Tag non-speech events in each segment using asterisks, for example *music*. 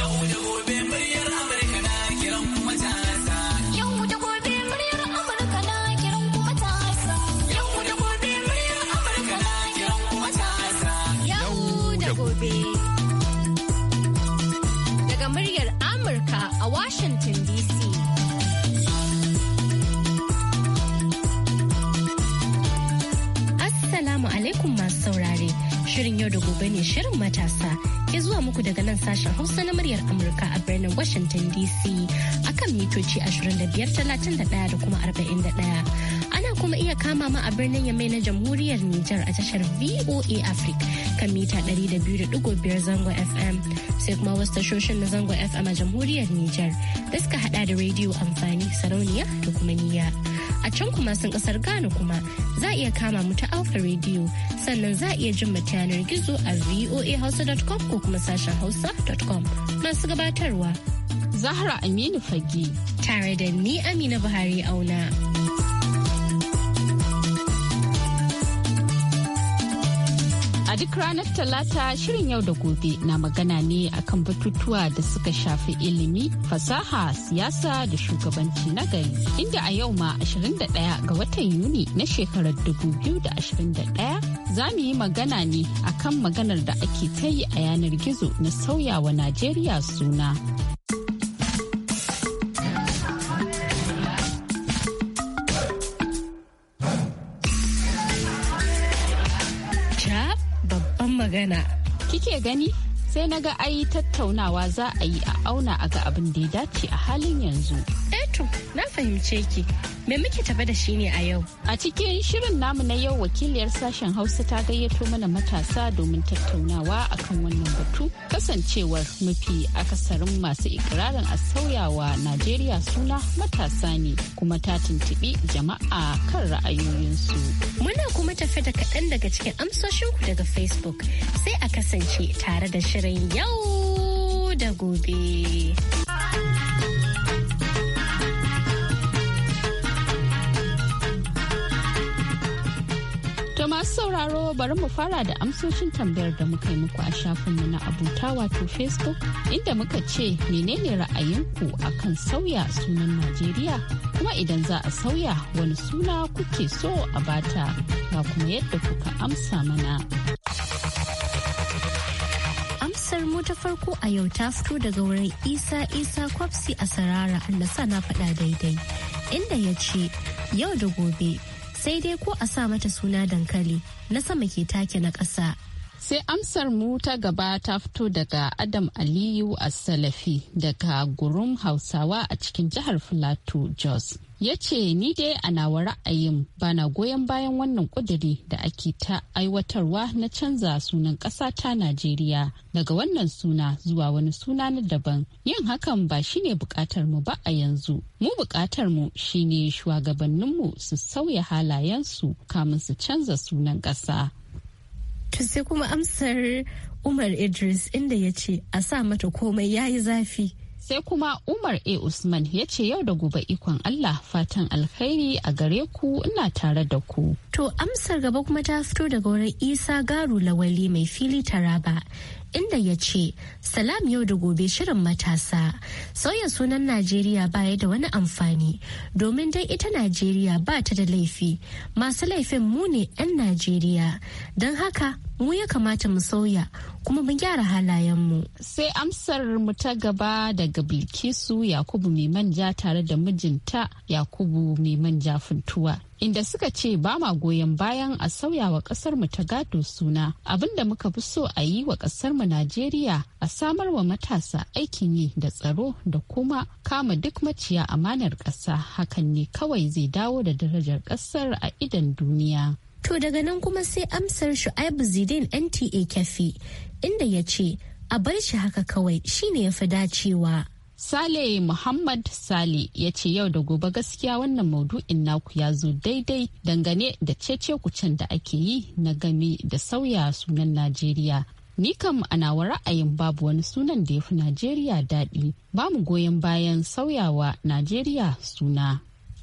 gonna be. sashen Hausa na muryar Amurka a birnin Washington DC akan mitoci 2531 da kuma 41. Ana kuma iya kama ma a birnin Yamai na Jamhuriyar Nijar a tashar VOA Africa kan mita 200.5 zango FM sai kuma wasu tashoshin na zango FM a Jamhuriyar Nijar da suka hada da rediyo amfani sarauniya da kuma niyya. A can kuma sun kasar Ghana kuma za a iya kama mu ta Alfa rediyo. sannan za a iya jin mu yanar gizo a voahausa.com ko kuma sashen hausa.com masu gabatarwa. Zahra Aminu Fage. Tare da ni Amina Buhari auna. A duk ranar Talata shirin yau da gobe na magana ne akan batutuwa da suka shafi ilimi, fasaha, siyasa da shugabanci na gari. Inda a yau ma 21 ga watan Yuni na shekarar 2021 za mu yi magana ne akan maganar da ake ta yi a yanar gizo na sauya wa Najeriya suna. babban magana. Kike gani? Sai na ga ai tattaunawa za a yi a auna a ga abin da ya dace a halin yanzu. mutum na fahimce ki. Me muke tafe da shi ne a yau? A cikin shirin namu na yau wakiliyar sashen Hausa ta gayyato mana matasa domin tattaunawa akan wannan batu. Kasancewar mafi akasarin masu ikirarin a sauyawa Najeriya suna matasa ne kuma ta tuntuɓi jama'a kan ra'ayoyinsu. Muna kuma tafe da kaɗan daga cikin amsoshinku daga Facebook sai a kasance tare da shirin yau da gobe. sauraro bari mu fara da amsoshin tambayar da muka yi muku a shafin shafinmu na abuta wato Facebook inda muka ce menene ra'ayinku kan sauya sunan Najeriya kuma idan za a sauya wani suna kuke so a bata ga kuma yadda kuka amsa mana. amsar mu ta farko a yau ta fito daga wurin isa isa kwafsi a sarara allah sa na faɗa daidai inda ya ce yau da gobe sai dai ko a sa mata suna dankali na sama ke take na ƙasa Sai amsar mu ta gaba ta fito daga Adam Aliyu Assalafi daga gurum Hausawa a cikin jihar Filato Jos. Ya ce ni dai a nawa ra'ayin bana goyon bayan wannan kuduri da ake ta aiwatarwa na canza sunan ƙasa ta Najeriya daga wannan suna zuwa wani suna na daban. Yin hakan ba shine bukatar mu ba a yanzu. Mu bukatar mu shine shugabanninmu su sauya halayensu kamun su canza sunan ƙasa. To sai kuma amsar Umar Idris inda ya ce a sa mata komai yayi zafi. sai kuma umar a usman ya ce yau da gobe ikon allah fatan alkhairi a gare ku ina tare da ku to amsar gaba kuma ta fito daga wurin isa garu lawali mai fili taraba inda ya ce salam yau da gobe shirin matasa sauya sunan najeriya baya da wani amfani domin dai ita najeriya ba ta da laifi masu laifin mu ne 'yan najeriya don haka mu ya kamata mu sauya kuma mun gyara halayen mu. Sai amsar mu ta gaba daga Bilkisu Yakubu mai manja tare da mijinta Yakubu mai manja funtuwa. Inda suka ce ba ma goyon bayan a sauya wa kasar mu ta gado suna abinda muka fi so a yi wa kasar mu Najeriya a samar wa matasa aikin yi da tsaro da kuma kama duk maciya amanar ƙasa hakan ne kawai zai dawo da darajar ƙasar a idan duniya. To daga nan kuma sai amsar Shu'aibu Zidin NTA Kafi inda ya ce a bar shi haka kawai shine ya fi dacewa. Sale Muhammad Sale ya ce yau da gobe gaskiya wannan maudu'in naku ya zo daidai dangane da cece kucen da ake yi na game da sauya sunan Najeriya. Ni kam ana wa ra'ayin babu wani sunan da ya fi Najeriya daɗi, ba mu goyon bayan sauyawa Najeriya suna.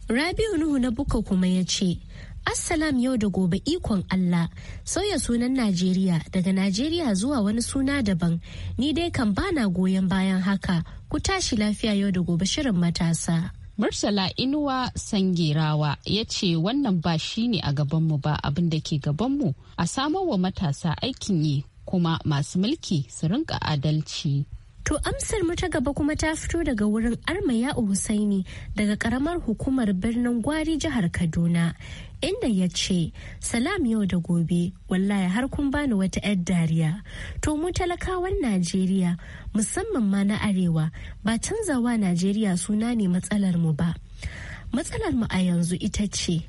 Rabiu Nuhu na Buka kuma ya ce, Assalam yau da gobe ikon Allah sauya sunan Najeriya daga Najeriya zuwa wani suna daban ni dai kan bana goyon bayan haka ku tashi lafiya yau da gobe shirin matasa. Mursala Inuwa Sangerawa ya ce wannan ba shi ne a gabanmu ba abin da ke gabanmu a samar wa matasa aikin yi kuma masu mulki su rinka adalci. To amsar mu ta gaba kuma ta fito daga wurin Armaya uhusaini daga karamar hukumar birnin Gwari jihar Kaduna inda ya ce salam yau da gobe wallahi har kun bani wata 'yar dariya to mu talakawan najeriya musamman ma na arewa ba canzawa najeriya suna ne matsalar mu ba matsalar mu a yanzu ita ce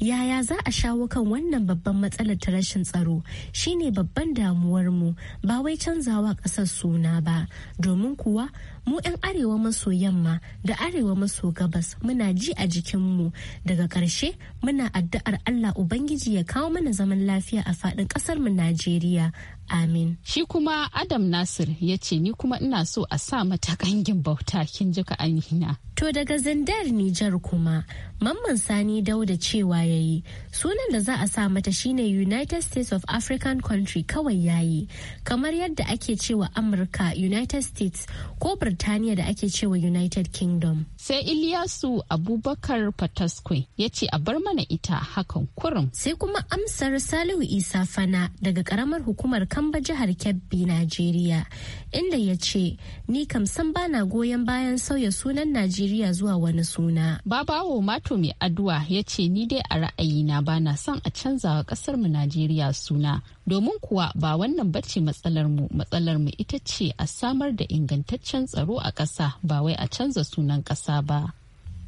yaya za a shawo kan wannan babban matsalar ta rashin tsaro shine babban damuwar mu ba wai canzawa ƙasar suna ba domin kuwa mu 'yan arewa maso yamma da arewa maso gabas muna ji a jikinmu daga ƙarshe muna addu'ar allah ubangiji ya kawo mana zaman lafiya a faɗin mu najeriya amin shi kuma adam nasir ya ce ni kuma ina so a sa mata kangin bauta kin jika anhina To daga zandar Nijar kuma, Mamman Sani Dauda cewa ya yi, sunan da za a sa mata shine United States of African Country kawai ya yi, kamar yadda ake cewa Amurka United States ko Birtaniya da ake cewa United Kingdom. Sai Iliyasu Abubakar Fataskwe ya ce a bar mana ita hakan kurum. Sai kuma amsar Salihu Isa Fana daga karamar hukumar Kamba jihar Kebbi, Najeriya, inda ya ce, Ni kam san bana goyon bayan sauya sunan Najeriya Najeriya zuwa wani suna. Babawo Mato mai addu'a ya ce ni dai a ra'ayina ba na son a canza wa ƙasar mu Najeriya suna. Domin kuwa ba wannan bace matsalar mu matsalar mu ita ce a samar da ingantaccen tsaro a ƙasa ba wai a canza sunan ƙasa ba.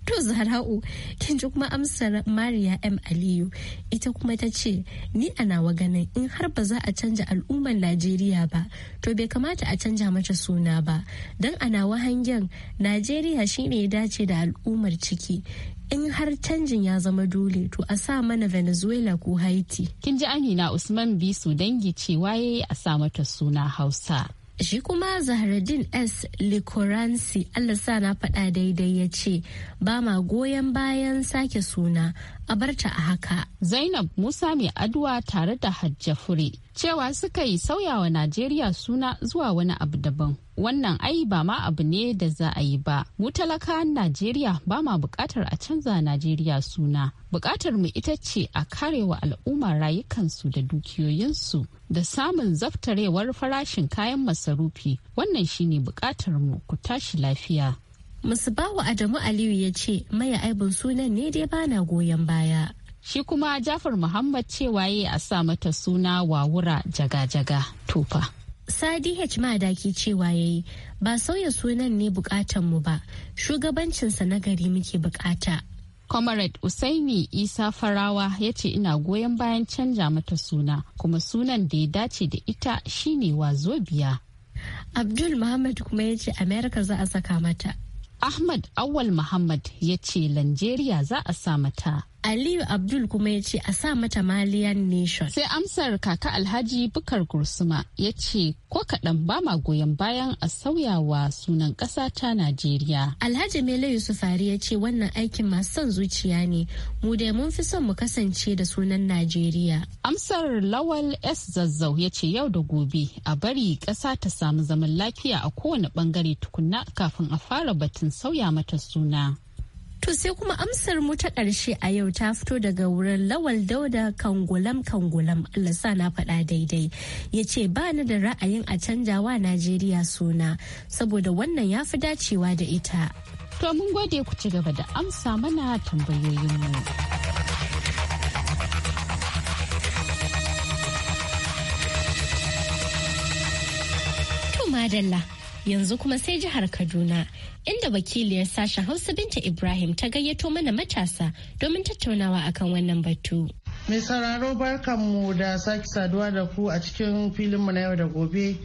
To Zahra'u kin ji kuma amsar Mariya M Aliyu ita kuma ta ce ni a nawa ganin in har ba za a canja al'ummar Najeriya ba to bai kamata a canja mata suna ba don a nawa hangen Najeriya shine ya dace da al'ummar ciki in har canjin ya zama dole to a sa mana Venezuela ko Haiti. Kin ji Amina Usman Bisu dangi cewa yayi a sa mata suna Hausa. Shi kuma Zahradin S. Likoransi Allah sa na faɗa daidai ya ce ba ma goyon bayan sake suna a barta a haka. Zainab Musa mai aduwa tare da Hajja cewa suka yi sauyawa Najeriya suna zuwa wani abu daban. Wannan ai ba ma abu ne da za a yi ba. Mu talakawan Najeriya ba ma buƙatar a canza Najeriya suna. Buƙatar mu ita ce a karewa al'umma rayukansu da dukiyoyinsu da samun zaftarewar farashin kayan masarufi. Wannan shine bukatar mu ku tashi lafiya. Musubawa Adamu Aliyu ya ce maya aibin sunan ne dai bana goyon baya. shi kuma jafar muhammad cewa waye a sa mata suna wawura jaga-jaga tufa sadi h madaki cewa ya yi ba sauya sunan ne bukatan mu ba shugabancinsa na gari muke bukata comrade usaini isa farawa ya ce ina goyon bayan canja mata suna kuma sunan da ya dace da ita shine wazobiya abdul muhammad kuma ya ce america za a saka mata ahmad awal muhammad ya ce lanjeriya za a sa mata Aliyu Abdul kuma ya ce a sa mata Malian Nation. Sai amsar kaka Alhaji Bukar Gursuma ya ce ko kaɗan ba ma goyon bayan a sauyawa sunan ƙasa ta Najeriya. Alhaji Mele Yusufari ya ce wannan aikin masu son zuciya ne mu dai mun fi son mu kasance da sunan Najeriya. Amsar Lawal S Zazzau ya ce yau da gobe a bari ƙasa ta samu zaman lafiya a kowane ɓangare tukunna kafin a fara batun sauya mata suna. To sai kuma amsar mu ta ƙarshe a yau ta fito daga wurin Lawal Dauda Kangulam Kangulam Allah sa na faɗa daidai. Ya ce ba ni da ra'ayin a wa Najeriya suna saboda wannan ya fi dacewa da ita. To mun gode ku ci gaba da amsa mana tambayoyinmu. madalla yanzu kuma sai jihar Kaduna inda wakiliyar sashen Hausa Binta Ibrahim ta gayyato mana matasa domin tattaunawa akan wannan batu. Mai sauraro barkanmu da sake saduwa da ku a cikin filinmu na yau da gobe.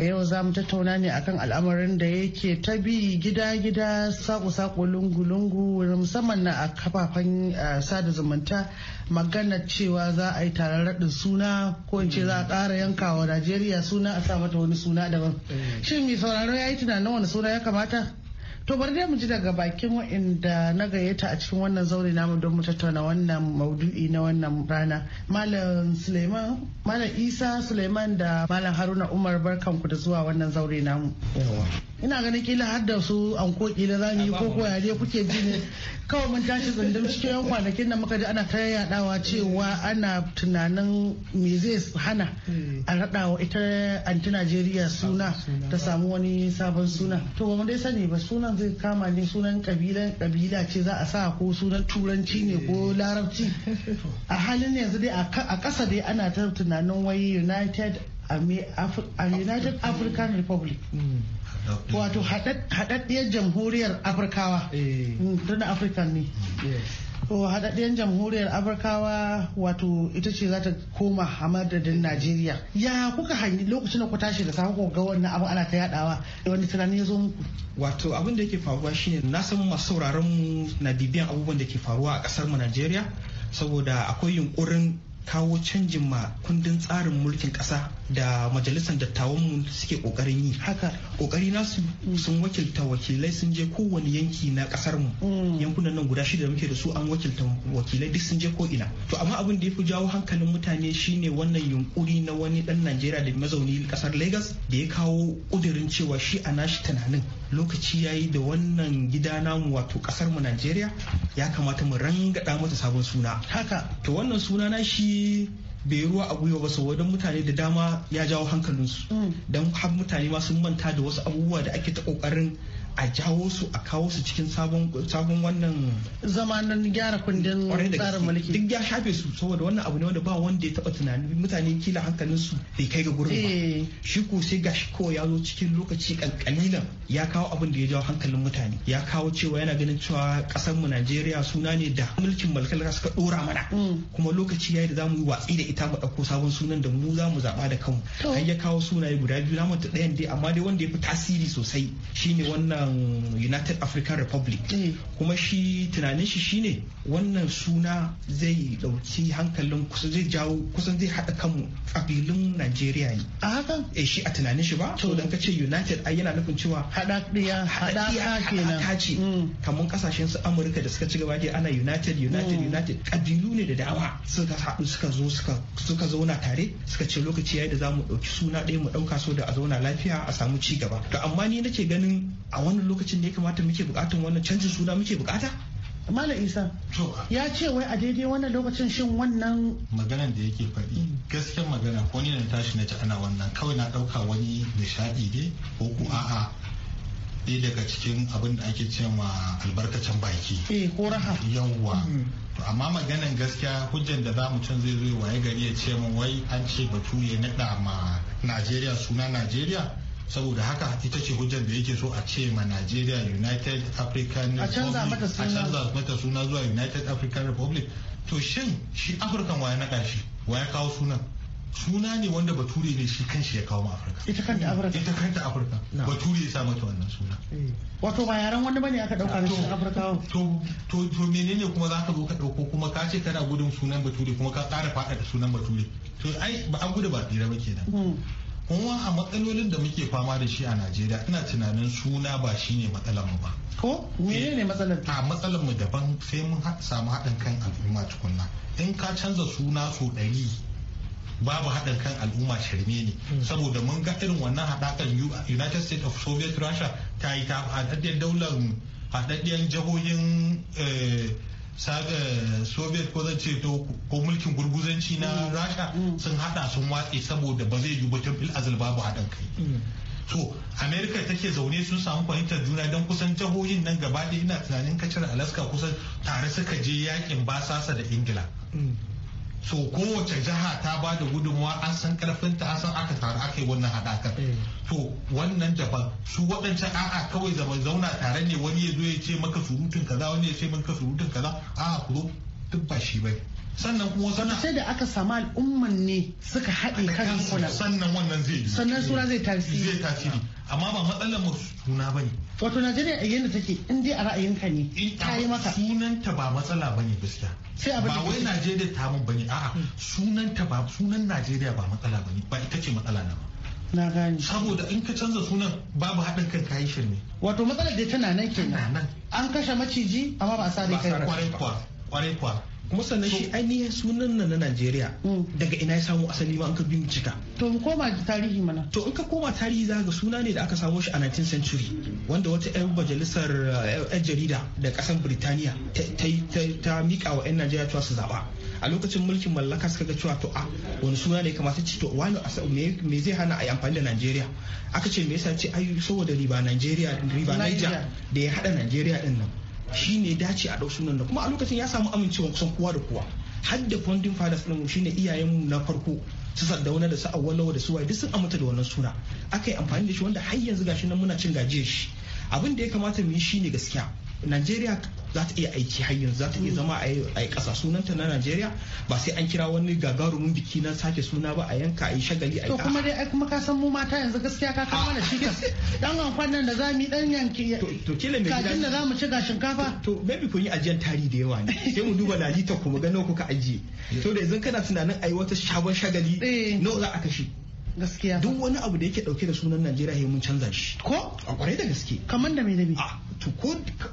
a yau za mu tattauna ne akan al'amarin da yake ta bi gida-gida saƙo-saƙo lungu-lungu musamman na a kafafen sada zumunta magana cewa za a yi taron raɗin suna ko in ce za a ƙara yankawa najeriya suna a sa mata wani suna daban eh. shin mai sauraro ya yi tunanin wani suna ya kamata To bari dai mu ji daga bakin waɗanda na gayyata a cikin wannan zaure namu don mu tattauna wannan maudu'i na wannan rana. Malam Suleiman, Malam Isa Suleiman da Malam Haruna Umar barkanku da zuwa wannan zaure namu. ina ganin kila har da su anko ko kila za mu yi ko ko yare kuke ji ne kawai mun tashi tsundum cikin yan kwanakin nan muka ji ana ta yadawa cewa ana tunanin me zai hana a raɗawa ita anti Najeriya suna ta samu wani sabon suna to ba dai sani ba sunan zai kama ne sunan kabila kabila ce za a sa ko sunan turanci ne ko larabci a halin yanzu dai a kasa dai ana ta tunanin wai United a united african republic wato haɗaɗɗiyar jamhuriyar afirkawa eh. mm, tunda african ne haɗaɗɗiyar jamhuriyar afirkawa wato ita ce za ta koma madadin najeriya ya kuka hanyi lokacin da ku tashi da sako ga wannan abu ana ta yadawa wani tunani ya zo muku wato abin da yake faruwa shine na san masu sauraron mu na bibiyan abubuwan da ke faruwa a kasar mu najeriya saboda akwai yunkurin kawo canjin ma kundin tsarin mulkin kasa da majalisar dattawan mu suke kokarin yi haka kokari nasu sun wakilta wakilai sun je kowane yanki na kasar mu mm. yankunan nan guda shida da muke da su an wakilta wakilai duk sun je ko ina to amma abin da ya fi jawo hankalin mutane shine wannan yunkuri na wani dan Najeriya da mazauni kasar Lagos da ya kawo ƙudurin cewa shi a nashi tunanin lokaci yayi da wannan gida namu wato kasar mu Najeriya ya kamata mu rangada mata sabon suna haka to wannan suna na shi bai ruwa a gwiwa ba saboda mutane da dama ya jawo hankalinsu mm. don har mutane ma sun manta da wasu abubuwa da ake ta kokarin a jawo su a kawo su cikin sabon wannan zama gyara kundin tsarin mulki duk ya shafe su saboda wannan abu ne wanda ba wanda ya taba tunani mutane kila hankalin su bai kai ga gurin ba eh. shi ko sai gashi ko ya zo cikin lokaci kankanilan ya kawo abin da ya jawo hankalin mutane ya kawo cewa yana ganin cewa kasar mu Najeriya suna ne da mulkin ka suka dora mana mm. kuma lokaci yayi da zamu yi watsi da ita mu dauko sabon sunan da mu zamu zaba da kanmu har ya kawo sunaye guda biyu na ta ɗayan dai amma dai wanda ya fi tasiri sosai shine wannan united african republic mm. kuma shi tunanin shi shine wannan suna zai dauki hankalin kusan zai jawo kusan zai haɗa kanmu kabilun najeriya ne a haka eh shi a tunanin shi ba to dan kace united ai yana nufin cewa haɗaɗɗiya haɗaɗɗiya kenan ce mm. kamar kasashen su amurka da suka ci gaba dai ana united united mm. united kabilu ne da dama suka haɗu suka zo suka suka zauna tare suka ce lokaci yayi da zamu ɗauki suna ɗaya mu ɗauka so da a zauna lafiya a samu ci gaba to amma ni nake ganin a wani wannan lokacin da ya kamata muke bukatun wannan canjin suna muke bukata Mala Isa ya ce wai a daidai wannan lokacin shin wannan maganan da yake faɗi mm. gaskiyar magana ko ni na tashi na ci ana wannan kawai na ɗauka wani nishaɗi ne ko ku a'a ɗaya daga cikin abin da ake ce ma albarkacin baki. Eh ko raha. Yawwa. Mm. amma maganan gaskiya hujjan da za mutum zai zo waye gari ya ce min wai an ce ya naɗa ma Najeriya suna Najeriya saboda haka ita ce hujjar da yake so a ce ma Nigeria United African Republic a canza mata suna zuwa United African Republic to shin shi Afirkan waya na kashi waya kawo sunan suna ne wanda bature ne shi kanshi ya kawo afirka ita kanta afirka ita kanta afirka bature ya sa mata wannan suna eh. wato ba yaran wani bane aka dauka da shi afirka to to to menene kuma za ka zo ka dauko kuma ka ce kana gudun sunan bature kuma ka tsara fada da sunan bature to ai ba an gudu ba tsira ba kenan hmm. kuma a matsalolin da muke fama da shi a najeriya ina tunanin suna ba shine matsalar mu ba ko mene ne eh, matsalar a matsalar mu daban sai mun samu haɗin kan al'umma tukunna in ka canza suna so ɗari babu haɗin kan al'umma shirme ne hmm. saboda mun ga irin wannan haɗakan united states of soviet russia ta yi ta haɗaɗɗiyar daular haɗaɗɗiyar jihohin eh, saga soviet ko zan to ko mulkin gurguzanci na mm. rasha mm. sun hada sun watse saboda ba zai yiwu batun azal babu haɗin kai mm. so america take zaune sun samu fahimtar juna don kusan jihohin nan gaba ɗaya ina tunanin kacar alaska kusan tare suka je yakin basasa da ingila so kowace jiha ta ba da gudunmawa an san karfinta an san aka taru aka yi wannan haɗakar eh. to wannan daban su waɗancan a'a kawai zaman zauna tare ne wani ya zo ya ce maka surutun kaza wani ya ce maka surutun kaza a'a ku zo duk ba shi bai. sannan kuma sana sai da aka samu al'umman ne suka haɗe kan sannan wannan zai yi sannan suna zai tasiri zai tasiri amma ba matsalar mu suna bane wato Najeriya a yanda take in dai a ra'ayinka ne ta yi maka sunanta ba matsala bane gaskiya sai abin ba wai Najeriya ta mun bane a'a hmm. sunanta ba sunan Najeriya ba matsala bane ba ita ce matsala na ba na gani saboda in ka canza sunan babu haɗin kan kayi shirme wato matsalar da tana nan kenan an kashe maciji amma ba a sare kai ba kwarai kwa kwarai kwa kuma sannan shi ainihin sunan nan na Najeriya mm. daga ina ya samu asali ma an ka bincika to mu koma tarihi mana to in ka koma tarihi za ga suna ne da aka samo shi a 19th century wanda wata yan majalisar yan eh, jarida da kasan Birtaniya ta mika wa yan Najeriya cewa su zaba a lokacin mulkin mallaka suka ga cewa to a wani suna ne kamata ce to wani me zai hana a yi amfani da Najeriya aka ce me yasa ce ayu saboda riba Najeriya riba Niger da ya hada Najeriya din nan shi ne dace a ɗau sunan da kuma a lokacin ya samu amincewa kusan kowa da kowa har da founding fathers ɗin shi ne iyayenmu na farko su saddauna da su awwalawa da su waye duk sun amince da wannan suna aka yi amfani da shi wanda har yanzu gashi nan muna cin gajiyar shi abin da ya kamata mu yi shi ne gaskiya najeriya za ta iya aiki hanyar za ta iya zama a yi ƙasa sunanta na najeriya ba sai an kira wani gagarumin biki na sake suna ba a yanka a yi shagali a yi to kuma dai kuma ka san mu mata yanzu gaskiya ka kama da cikin *laughs* dan amfan nan da za mu yi dan yanki to kila kajin da za mu ci ga shinkafa to maybe kun yi ajiyar tari da yawa ne sai mu duba lalita kuma ga nawa kuka ajiye to da yanzu kana tunanin a yi wata shagon shagali eh. nawa za a kashe gaskiya duk wani abu da yake dauke da sunan Najeriya ya mun canza shi ko a kwarai da gaske kamar da mai da to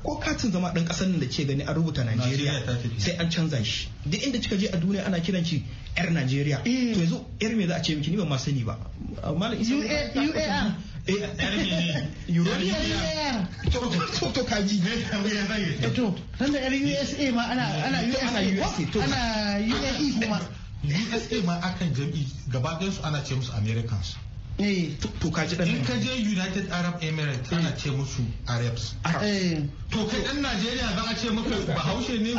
ko katin zama ɗan ƙasar nan da ke gani an rubuta Najeriya sai an canza shi duk inda kika je a duniya ana kiran shi yar Najeriya to yanzu yar me za a ce miki ni ba ma sani ba malam isa UAR to kaji to dan da USA ma ana ana USA ana UAE kuma USA ma akan jam'i gaba su ana ce musu Americans Eh, to ka ji dan in ka je United Arab Emirates ana eh. ce musu Arabs ah, eh. to kai dan Najeriya za a ce maka Bahaushe ne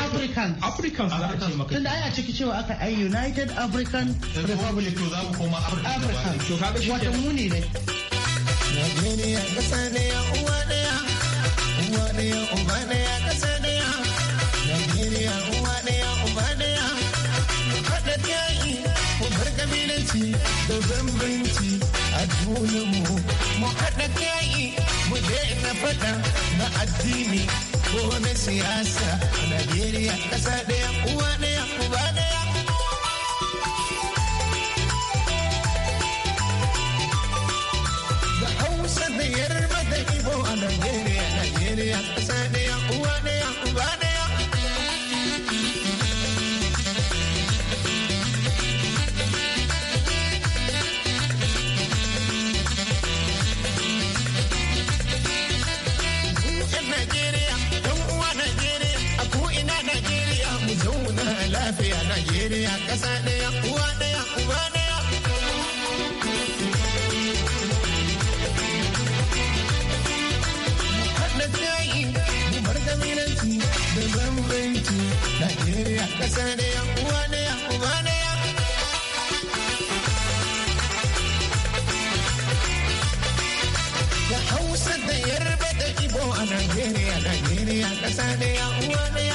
African ah, ah. African za a ce maka tunda ai a ciki cewa aka ai United African Republic to za mu koma African to ka ga wata muni ne ya kasa ne uwa daya uwa daya uba daya kasa junanmu mu haɗa kai mu daina faɗa na addini ko na siyasa Najeriya ƙasa ɗaya uwa ɗaya uba ɗaya bambanci da bambanci Najeriya kasa da da Da Hausa da Yarba da Ibo a Najeriya, Najeriya kasa da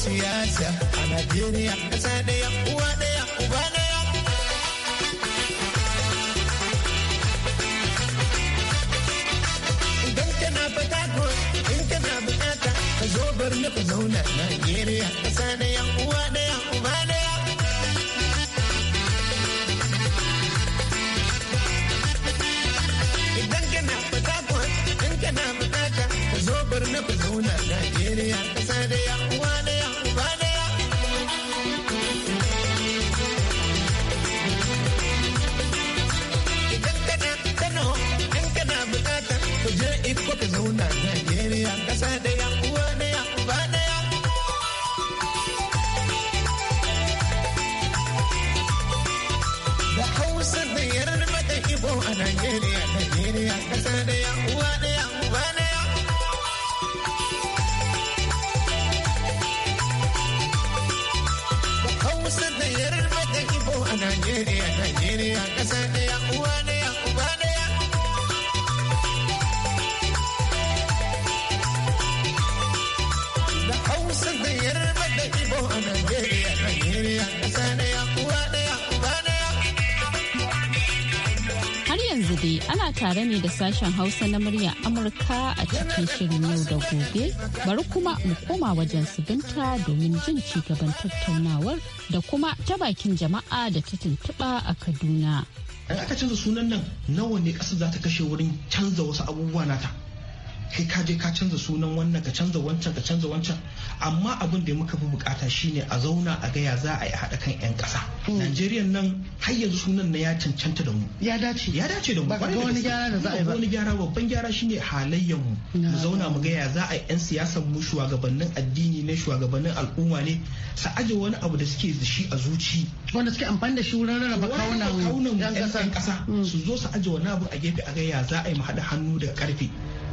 siyasa a Najeriya ƙasa ɗaya uwa ɗaya uba ɗaya. Idan kana fata ko in kana bukata ka zo bar na ku zauna Najeriya gobe ana tare ne da sashen hausa na murya amurka a cikin shirin yau da gobe bari kuma mu koma wajen su domin jin ci gaban tattaunawar da kuma ta bakin jama'a da ta tuntuɓa a kaduna Ai aka canza sunan nan nawa ne ƙasa za ta kashe wurin canza wasu abubuwa nata kai ka je ka canza sunan wannan ka canza wancan ka canza wancan amma abin da muka fi bukata shine a zauna a gaya za a yi haɗa kan 'yan ƙasa mm. Najeriya nan har yanzu sunan na ya cancanta da mu ya dace ya dace da mu ba ga wani gyara da za a yi ba wani gyara babban gyara shine halayyar mu mu zauna mu gaya za a yi 'yan siyasar mu shugabannin addini ne shugabannin al'umma ne sa aje wani abu da suke da shi a zuci wanda suke amfani da shi wurin rarraba kaunan 'yan ƙasa mm. su zo su aje wani abu a gefe a gaya za a yi mu haɗa hannu da ƙarfe.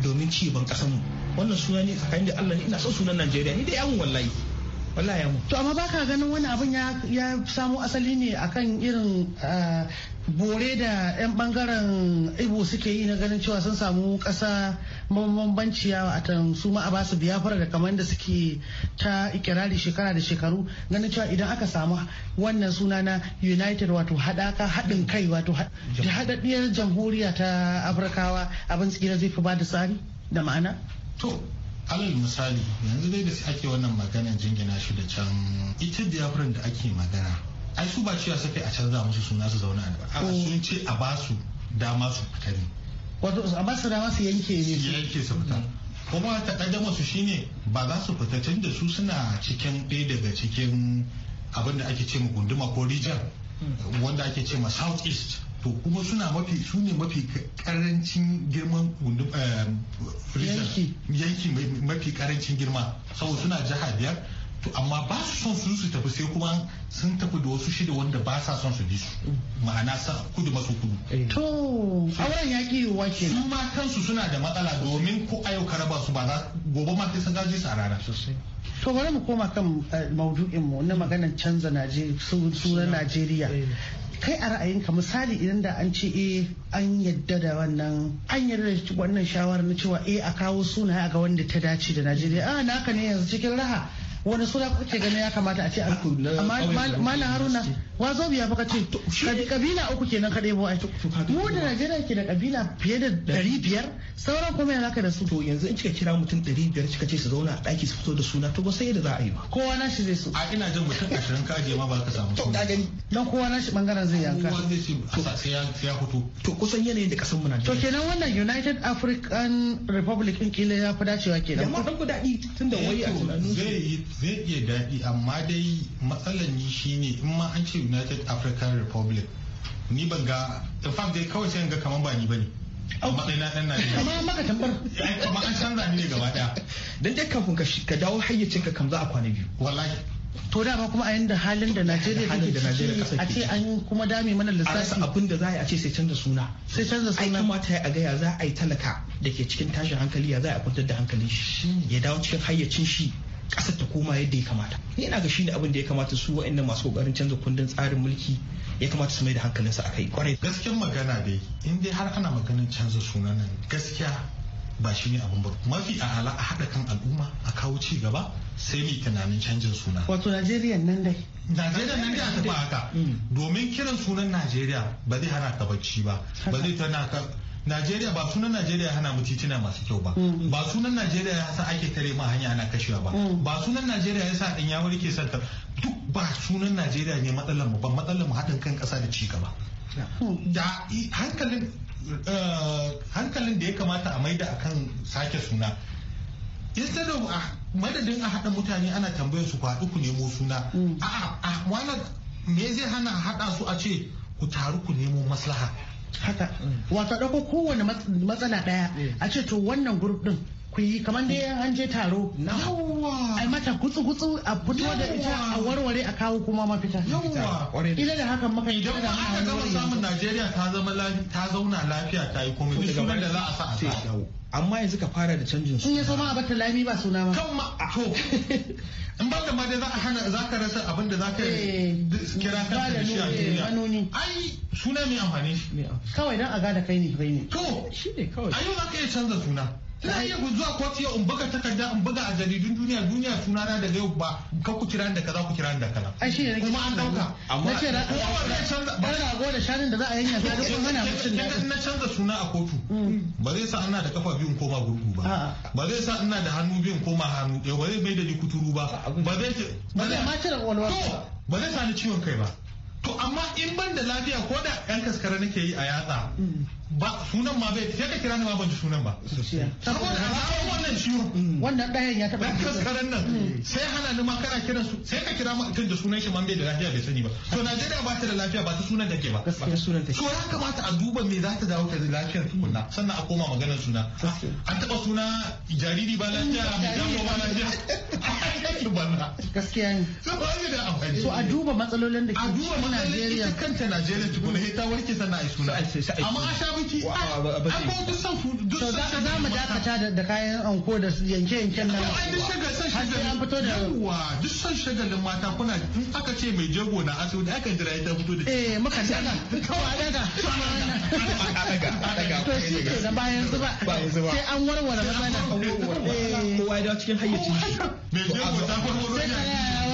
domin ci ban kasan mu wannan suna ne tsakanin da Allah ne ina son sunan Najeriya ni da yawun wallahi wallahi to amma baka ganin wani abin ya samo asali ne akan irin ah, bore da 'yan bangaren ibo suke yi na ganin cewa sun samu kasa mabambanciya a tan su ma a basu biyafar da kamar da suke ta ikirari shekara da shekaru ganin cewa idan aka samu wannan suna na united wato haɗaka haɗin kai wato haɗaɗɗiyar jamhuriya ta afirkawa abin tsira zai fi ba da tsari da ma'ana to alal misali yanzu dai da su ake wannan maganan jingina shi da can ita diafuran da ake magana ai su ba cewa suka a canza musu suna su zauna a sun ce a ba su dama su fita ne wato a ba su dama su yanke ne su yanke su fita kuma ta kaddama su shine ba za su fita can da su suna cikin ɗaya daga cikin abin da ake ce ma gunduma ko region hmm. wanda ake ce ma south east to kuma suna mafi su ne mafi karancin girman eh, yanki mafi karancin girma saboda suna jiha biyar to amma ba su son su su tafi sai kuma sun tafi da wasu shida wanda ba sa son su ji su ma'ana sa kudu maso kudu eh. to auren ya ki yiwuwa ke su ma kansu suna da matsala domin ko ayo ka raba su ba za gobe ma sai sun gaji su a rana sosai to bari mu koma kan eh, maudu'in mu na maganar canza sunan Najeriya kai a ra'ayinka misali idan da an ce eh an yadda da wannan an yarda da wannan shawarar na cewa eh a kawo sunaye ga wanda ta dace da Najeriya a ah, naka ne yanzu cikin raha wani suna kuke ganin ya kamata a ce a mana haruna wa zo biya baka ce kabila uku kenan kadai bo ai mu da najeriya ke da kabila fiye da dari biyar sauran kuma yana ka da su to yanzu in kika kira mutum dari biyar kika ce su zauna a daki su fito da suna to ba sai da za a yi ba kowa na shi zai so a ina jin mutum shirin kaje ma ba ka samu to da gani dan kowa na shi bangaren zai yanka kowa zai ce sai ya sai ya fito to kusan yanayin da kasan mu na to kenan wannan united african republic din kila ya fi dacewa kenan amma dan ku dadi tunda eh, wai a tunanin zai yi zai iya daɗi amma dai matsalar ni shine in ma an ce united african republic ni ban ga in fact dai kawai sai ga kamar ba ni bane amma dai na dan na amma maka tambar amma an canza ni ne gaba daya *laughs* dan dai kafin ka dawo hayyacin ka kam za a kwana biyu wallahi to ba kuma a yanda halin da Najeriya halin da Najeriya a ce an kuma dame mana lissafi abin da za a yi a ce sai canza suna sai canza suna ai kamata a gaya za a yi talaka da ke cikin tashin hankali ya za a kwantar da hankalin shi ya dawo cikin hayyacin shi ƙasar ta koma yadda ya kamata ni ina ga shine abin da ya kamata su wa'annan masu kokarin canza kundin tsarin mulki ya kamata su mai da hankalinsu a kai kwarai gaskiyar magana dai in dai har ana maganin canza sunan nan gaskiya ba shi ne abin ba mafi a ala a haɗa kan al'umma a kawo ci gaba sai mai tunanin canjin suna wato najeriya nan dai najeriya nan dai a ba haka mm. domin kiran sunan najeriya ba zai hana ka bacci ba ba zai tana ka Najeriya ba sunan Najeriya hana mu titina masu kyau ba mm. ba sunan Najeriya ya sa ake tare ma hanya ana kashewa ba mm. ba sunan Najeriya ya sa ɗan yawar ke santar duk ba sunan Najeriya ne matsalar mu ba matsalar mu haɗin kan ƙasa da cigaba. Mm. da hankalin eh, hankalin da ya kamata a maida akan sake suna instead of madadin a haɗa mutane ana tambayar su ku haɗu ku nemo suna a'a a wani me zai hana haɗa su a ce ku taru ku nemo maslaha haka mm. wato ɗauko kowane matsala ɗaya mm. a ce to wannan gurbin ku yi kamar dai an je taro yawa ai mata gutsu gutsu a fito da ita a warware a kawo kuma mafita yawa ila da hakan maka idan ba aka gama samun Najeriya ta zama ta zauna lafiya ta yi komai daga da za a sa a dawo amma yanzu ka fara da canjin su In ya so ma a bata lami ba suna ma. Kan ma a ah. to. *laughs* In ba da ma dai za a hana za ka rasa abin da za ka eh, kira kan da shi a duniya. Ai suna mai amfani. Kawai dan a gada kai ne kai ne. To. Shi ne kawai. ayo za ka iya canza suna. Ina iya zuwa kotu ya in buga takarda in buga a jaridun duniya duniya na daga yau ba ka ku kira da kaza ku kira da kaza. Ai shi ne kuma an dauka. Amma na ce ran ba rago da shanin da za a yanka ka duk mana mutum da. Na canza suna a kotu. Mm. Ba zai sa ina da kafa biyun koma gurgu ba. Ba zai sa ina da hannu biyun koma hannu eh, ba zai mai da ni kuturu ba. Ba zai ba zai ma cire kwalwa. Ba zai sa ni ciwon kai ba. To amma in ban da lafiya ko da yan kaskara nake yi a yatsa. Mm. ba sunan ma bai sai ka kira ni ma ban ji sunan ba saboda alawar wannan ciwo mm. wannan ɗayan ya taɓa kaskaran nan mm. sai hana ni ma kana kiran su sai ka kira mutum da sunan shi ma bai da lafiya bai sani ba to Najeriya ba ta da lafiya ba ta sunan take ba gaskiya sunan take to ya kamata a duba me za ta dawo ta lafiyar tukunna sannan a koma maganar suna an taɓa suna jariri ba lafiya mm, mai damo ba lafiya gaskiya ne so a duba matsalolin da ke a duba matsalolin kanta Najeriya tukuna sai ta warke sannan a yi suna amma a sha biki akwai duk son duk son shagal za mu dakata da kayan anko da yanke yanken nan duk shagal shagalin mata kuna in aka ce mai jego na aso da aka jira ta fito da eh muka daga kawai *laughs* daga to shi ke da bayan zuba sai an warware mana eh. kowa ya cikin hayyaci mai jego ta farko ya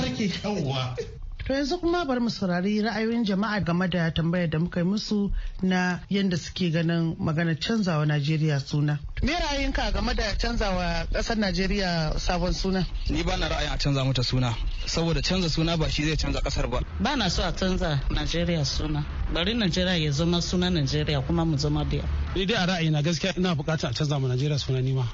warke yawwa To yanzu kuma bar mu saurari ra'ayoyin jama'a game da tambayar da muka yi musu na yadda suke ganin maganar canzawa Najeriya suna. Me ra'ayinka game da canzawa ƙasar Najeriya sabon suna? Ni ba na ra'ayin a canza mata suna saboda canza suna ba shi zai canza ƙasar ba. Ba na so a canza Najeriya suna. Bari Najeriya ya zama suna Najeriya kuma mu zama biya. Ni dai a ra'ayina gaskiya ina buƙatar a canza mu Najeriya suna nima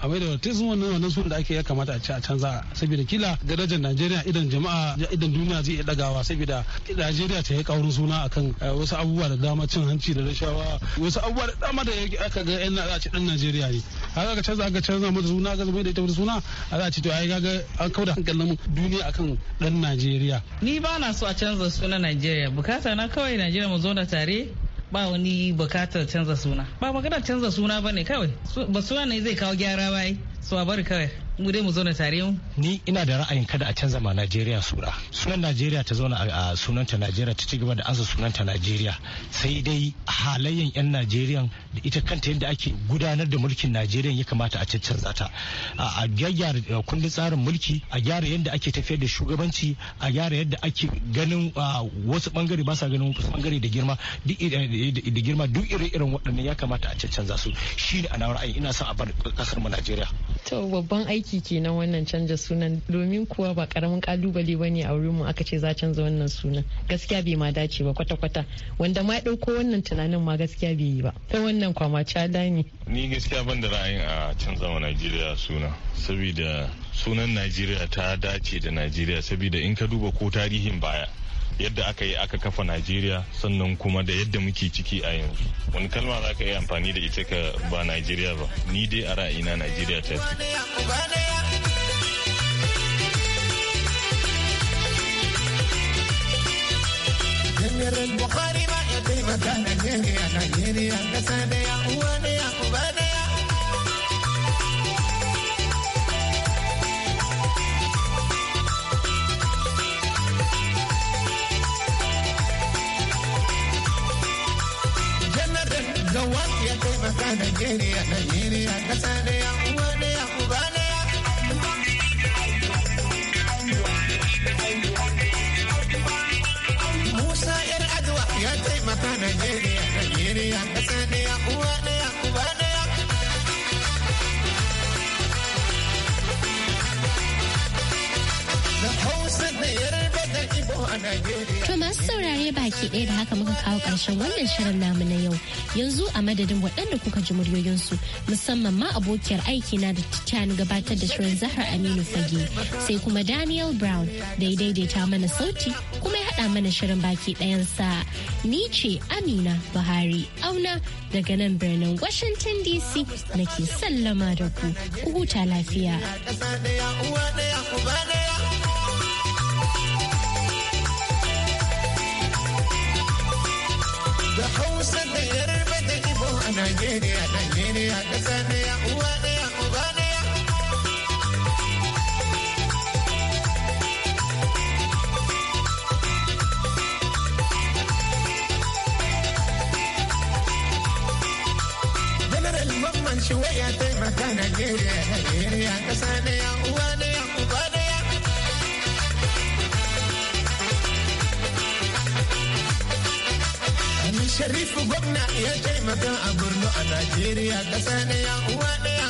a bai da tun wannan wannan sun da ake ya kamata a ci a canza saboda kila darajar najeriya idan jama'a idan duniya zai iya dagawa saboda najeriya ta yi kaurin suna akan eh, wasu abubuwa da dama cin hanci da rashawa wasu abubuwa da dama da aka ga yan a ci dan najeriya ne haka ka canza aka canza mata suna ga zama da ita suna a za ci to ai kaga an kauda hankalin duniya akan dan najeriya ni ba na so a canza sunan najeriya bukata na kawai najeriya mu zauna tare ba wani bukatar canza suna ba magana canza suna ba ne kawai ba suna ne zai kawo gyara ba su a bari kawai mu dai mu zauna tare mu ni ina da ra'ayin kada a canza ma Najeriya sura sunan Najeriya ta zauna a sunanta Najeriya ta ci gaba da ansa sunanta Najeriya sai dai halayen yan Najeriya da ita kanta yadda ake gudanar da mulkin Najeriya ya kamata a canza ta a gyara kundin tsarin mulki a gyara yadda ake tafiyar da shugabanci a gyara yadda ake ganin wasu bangare ba sa ganin wasu bangare da girma eh, da girma duk ire-iren waɗannan ya kamata a canza su shi ne a ra'ayi ina son a bar kasar mu Najeriya To babban aiki kenan wannan canza sunan domin kuwa ba karamin kalubale ba ne a wurin mu aka ce za canza wannan sunan gaskiya bai ma dace ba kwata-kwata wanda ma ɗauko wannan tunanin ma gaskiya bai yi ba ta wannan kwama cada ne. Ni gaskiya ban da ra'ayin a canza wa Najeriya suna saboda sunan Najeriya ta dace da Najeriya saboda in ka duba ko tarihin baya yadda aka yi aka kafa najeriya sannan kuma da yadda muke ciki a yanzu wani kalma za ka yi amfani da ita ka ba najeriya ba ni dai a ra'ayina najeriya ta Jami'ar Bukhari ma ya taimaka Najeriya, Najeriya, da ya uwa Najeriya, Najeriya, ƙasa da yawa. baki ɗaya da haka muka kawo ƙarshen wannan shirin namu na yau yanzu a madadin waɗanda kuka ji muryoyinsu musamman ma abokiyar aiki na da titani gabatar da shirin zahra aminu fage sai kuma daniel brown da ya daidaita mana sauti kuma ya haɗa mana shirin baki ɗayansa ni ce amina buhari auna daga nan birnin washington dc nake sallama da ku ku huta lafiya. Najeriya, Najeriya, ƙasa ɗaya, uwa ɗaya, uba ɗaya. General Mamman Shuwa ya taimaka Najeriya, Najeriya, ƙasa ɗaya, Sharifu gwamna ya taimaka a Borno a Najeriya ƙasa ɗaya uwa ɗaya